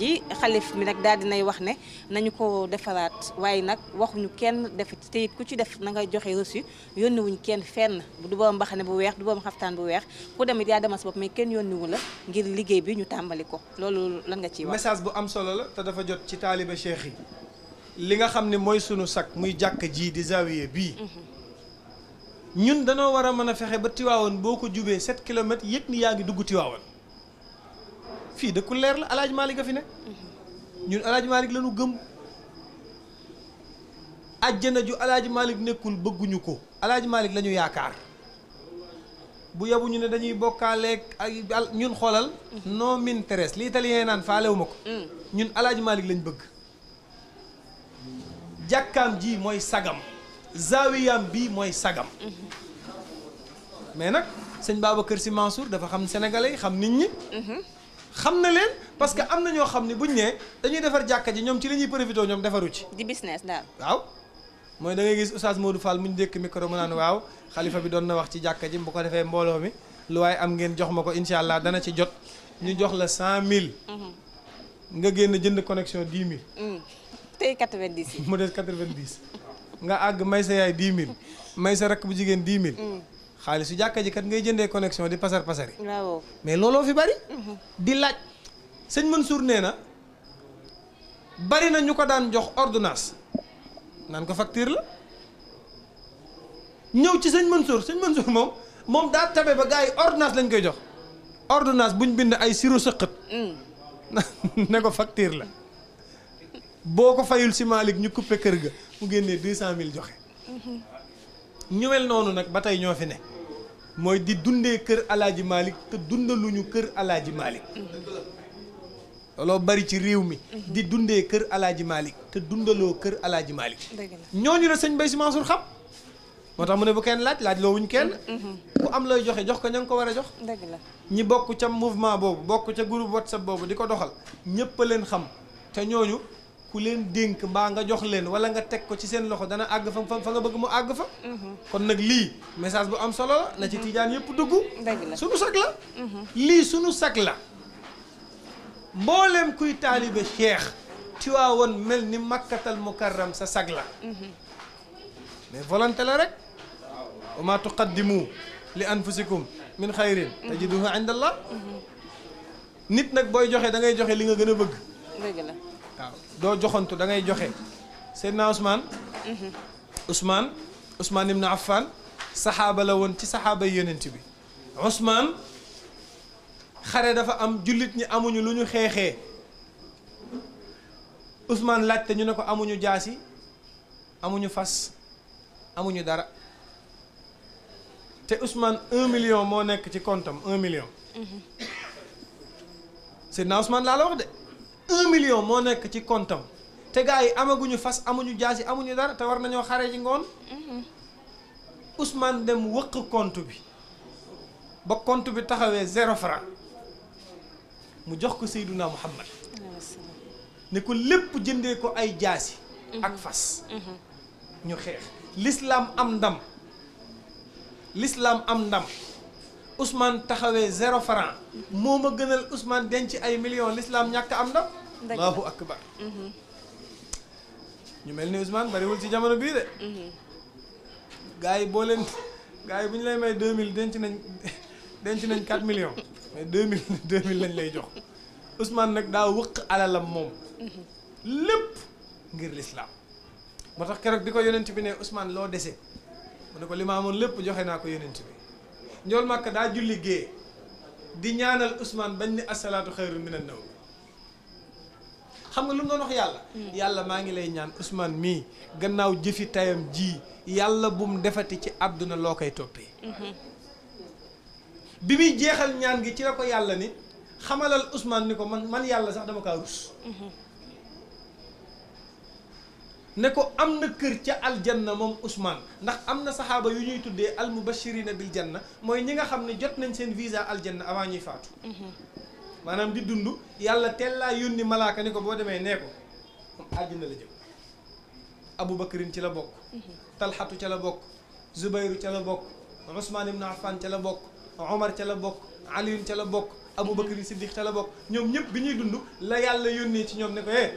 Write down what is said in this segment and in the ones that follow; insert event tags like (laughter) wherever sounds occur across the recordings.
ji xalif mi nag daal dinay wax ne nañu ko defaraat waaye nag waxuñu kenn def te ku ci def na nga joxe reçu yónni wuñ kenn fenn du borom mbaxane bu weex du borom xaftaan bu weex ku demit yaa demal sa mais kenn yónniwu la ngir liggéey bi ñu tàmbali ko loolu lan ciy message bu am solo la te dafa jot ci taaliba cheikh yi li nga xam ne mooy sunu sakk muy jàkk jii di zawiye bii mhm. ñun danoo war a mën a fexe ba Tiwaawoon boo ko jubee 7 kilomètres yëg ni yaa ngi dugg Tiwaawoon fii dëkku leer la alaaj Malick a fi ne ñun alaaj Malick lañu gëm àjjana ju alaaj Malick nekkul bëgguñu ko alaaj Malick lañu yaakaar bu yabu ñu ne dañuy bokkaaleeg ak ñun xoolal non m'intéresse li italien naan faalewuma ko ñun alaaj Malick lañu bëgg jàkkaam ji mooy sagam zaawiyam bi mooy sagam mais nag sëñ kër Sy Mansour dafa xam sénégalais xam nit ñi xam na leen parce que am na ñoo xam ne buñ ne dañuy defar jàkka ji ñoom ci la ñuy profité ñoom defaru ci. di business daal. waaw mooy da ngay gis Oustaz Modou Fall mu ñu dékk micro mu naan waaw xalifa bi doon na wax ci jàkka ji bu ko defee mbooloo mi lu waaye am ngeen jox ma ko incha allah dana ci jot ñu jox la cent mille. Mhm. nga génn jënd connexion dix mille. Mm. tey quatre-vingt-dix. (laughs) mu des quatre-vingt-dix nga àgg may sa yaay dix mille may sa bu jigéen dix mille. Mm. xaalis yu jàkka ji kat ngay jënde connexion di pasar pasari mais looloo fi bari. Mhm. di laaj sëñ Mansour nee na bari na ñu ko daan jox ordonnance naan ko facture la ñëw ci sëñ Mansour sëñ Mansour moom moom daa tabe ba gaa yi ordonnance lañ koy jox ordonnance buñ bind ay siro sëqët mm. (laughs) ne ko facture la boo ko fayul si Malick ñu coupé kër ga mu génnee deux cent mille joxe mhm. ñëwel noonu nag ba tey ñoo fi ne mooy di dundee kër alaaji Malick te dundaluñu kër alaaji Malick looloo bari ci réew mi mhm. di dundee kër alaaji Malick te dundaloo kër alaaji Malick ñooñu la sëñ Bay Si Mansour xam moo tax mu ne bu kenn laaj laaj loo wuñ kenn mhm, mhm. ku am looy joxe jox ko ña nga ko war a jox dëgg la ñi bokk ca mouvement boobu bokk ca groupe WhatsApp boobu di ko doxal ñëpp leen xam te ñooñu ku leen dénk mbaa nga jox leen wala nga teg ko ci seen loxo dana àgg fa fa nga bëgg mu àgg fa mhm. kon nag lii message bu am solo la na ci mhm. tiijaan yëpp dugg sunu sag la mhm. lii sunu sag la mbooleem kuy taalibe cheikh Tiwaawan mel ni makkatal mukarram sa sag la mais volonté la rek wa maa tuqaddimu li anfusikum min xayrin tajiduhu inda allah nit nag booy joxe dangay joxe li nga gën a bëgg waaw doo joxantu da ngay joxe Seydina Ousmane mm-hmm. Ousmane Ousmane ibn Affan saxaaba la woon ci saxaaba yonent bi Ousmane xare dafa am jullit ñi amuñu lu ñu xeexee Ousmane laajte ñu ne ko amuñu jaasi amuñu fas amuñu dara te Ousmane un million moo nekk ci comptam un million mm-hmm. Seydina Ousmane laa la wax de un million moo nekk ci kontam te gars yi amaguñu fas amuñu jaasi amuñu dara te war nañoo xare ji ngoon mm-hmm. Ousmane dem wëq compte bi ba compte bi taxawee zero franc mu jox ko Seydouna Muhammad ne ko lépp jëndee ko ay jaasi mm-hmm. ak fas mm-hmm. ñu xeex lislaam am ndam l'islam am ndam Ousmane taxawee zéro franc moo ma gënal Ousmane denc ay millions lislaam ñàkk am ndam allahu akbar ñu mel ni usman bariwul ci jamono bii de gars yi boo leen gars yi bu ñu lay may deux mille denc nañ denc nañ quatre million may deux mil de mille lañ lay jox Ousmane nag daa wëq alalam moom lépp ngir lislaam moo tax keroog di ko yonent bi ne Ousmane loo dese mu ne ko li ma lépp joxe naa ko yonent bi njool màkk daa julli gée di ñaanal Ousmane bañ ni asalaatu xayru minan nawm xam nga lu mu doon yàlla hmm. yàlla maa ngi lay ñaan Ousmane mii gannaaw jëfi tayam ji yàlla bum defati ci àdduna loo koy toppee hmm. bi muy jeexal ñaan gi ci la ko yàlla ni xamalal usmaan ni ko man man yàlla sax dama kaa rus hmm. ne ko am na kër ca aljanna moom Ousmane ndax am na saxaaba yu ñuy tuddee almubashirina bil janna mooy ñi nga xam ne jot nañ seen visa aljanna avant ñuy faatu maanaam di dund yàlla teel laa yónni malaaka ni ko boo demee nee ko àjjana la jëm abubakarin ci la bokk mhm. talxatu ca la bokk zubayru ca la bokk usmaan ibnu affan ca la bokk omar ca la bokk aliyun ca la bokk abubakarin mhm. siddiq ca la bokk ñoom ñëpp bi ñuy dund la yàlla yónnee ci ñoom ne ko eh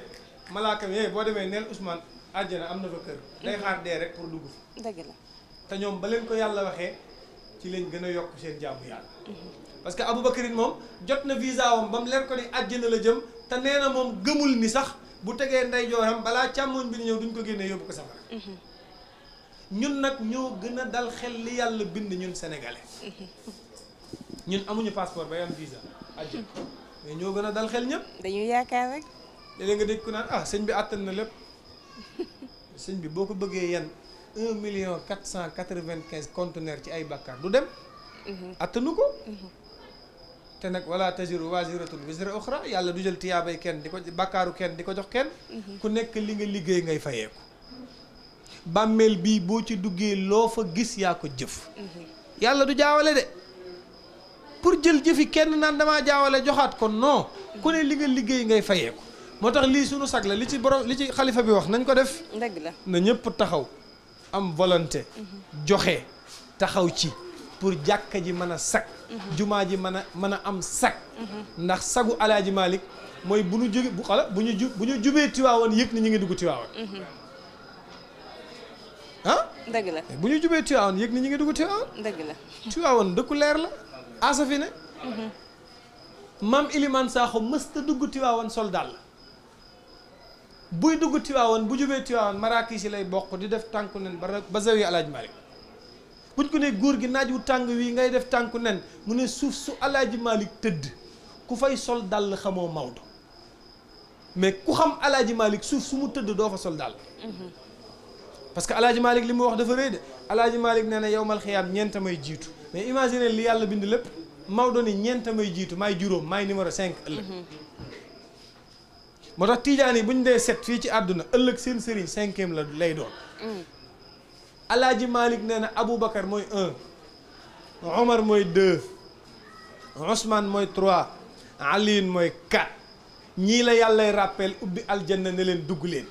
malaaka bi eh boo demee nee usmaan àjjana am na fa kër day mhm. xaar dee rek pour dugg fa dëgg te ñoom ba leen ko yàlla waxee ci lañ gën a yokk seen jaamu yàlla parce que Aboubacarine moom jot na visa wam ba mu leer ko ni àjjana la jëm te nee na moom gëmul ni sax bu tegee ndeyjooram balaa càmmoon bi di ñëw duñ ko génnee yóbbu ko safara mhm. ñun nag ñoo gën a dal xel li yàlla bind ñun sénégalais mhm. ñun amuñu passeport bay am visa àjjana mais ñoo gën a dal xel ñëpp. dañuy yaakaar rek. léeg nga dégg ku naan ah sëñ bi àttan na lépp sëñ bi boo ko bëggee yan un million quatre cent quatre-vingt-quinze conteneurs ci ay bàkkaar du dem. Mhm. te nag wala taziru waziratun wizra uxra yàlla du jël tiyaabay kenn di ko bakkaaru kenn di ko jox kenn mhm. ku nekk li nga liggéey ngay fayeeku bàmmeel bii boo ci duggee loo fa gis yaa ko jëf mhm. yàlla du jaawale de pour jël jëfi kenn naan dama jaawale joxaat ko non ku ne li nga liggéey ngay fayeeku moo tax lii sunu sag la li ci borom li ci xalifa bi wax nañ ko def dëgg la na ñëpp taxaw am volonté mhm. joxe taxaw ci pour jàkka ji mën a sag mhm. jumaa ji mën a mën a am sag mhm. ndax sagu alaaji mooy bu ñu jóge bu xala bu ñu bu ñu jubee Tiwaawoon yëg ni ñu ngi dugg Tiwaawoon mhm. ah dëgg la bu ñu jubee Tiwaawoon yëg ni ñu ngi dugg Tiwaawoon dëgg la Tiwaawoon dëkku leer la aasa fi ne maam Ilimaan Saaxo mësta dugg Tiwaawoon sol daal buy dugg Tiwaawoon bu jubee Tiwaawoon maraakis yi lay boq di def tànku nen ba ba zawiya alaaji Malick buñ ko ne góor gi naaj wu tàng wi ngay def tànku nen mu ne suuf su alaaji Malick tëdd ku fay sol dàll xamoo Maodo mais ku xam alaaji Malick suuf su mu tëdd doo fa sol dàll parce que alaaji Malick li mu wax dafa rëy de alaaji Malick nee na yowmal xiyaam ñeent may jiitu mais imaginez li yàlla bind lépp Maodo ni ñeent may jiitu maay juróom maay numéro cinq ëllëg moo tax tiijaan yi bu ñu dee set fii ci àdduna ëllëg seen sëriñ cinquième la lay doon alaaji Malick nee na Aboubacar mooy un Omar mooy deux Ousmane mooy trois Aliin mooy quatre ñii la yàllay rappel ubbi aljanna ne leen dugg leen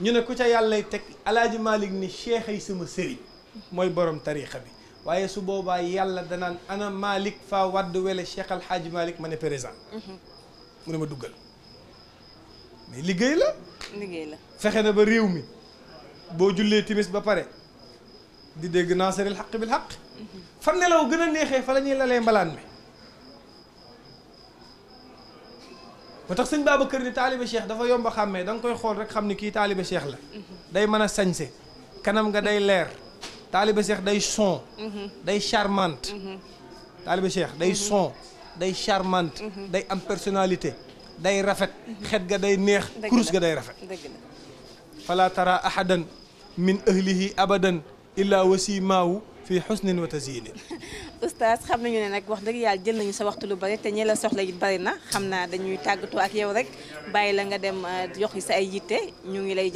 ñu ne ku ca yàllay teg alaaji Malick ni cheikh ay sama sëriñ mooy borom tariixa bi waaye su boobaa yàlla danaan ana Malick faa wadd wele cheikh alhaaji Malick ma ne présent mhm. mu ne ma duggal mais liggéey la fexe na ba réew mi boo jullee timis ba pare di dégg naasaril xaq bil xaq fa nelaw gën a neexee fa la ñuy lalee mbalaan mi ba tax sëñ Babacar ni taalibe cheikh dafa yomb a xàmmee da nga koy xool rek xam ni kii taalibe seex la day man a sañse kanam nga day leer taalibe seex day son day charmante taalibe cheikh day son day charmante day am personnalité day rafet xet ga day neex kurus ga day rafet fala tara min ahlihi abadan illaa wasi maawu fii xusnin wa tazyin oustaz xam nañu ne nag wax dëgg yàlla jël nañu sa waxtu lu bari te ñi la soxla it bari na xam naa dañuy tàggatoo ak yow rek bàyyi la nga dem eh, jox yi sa ay yitte ñu ngi lay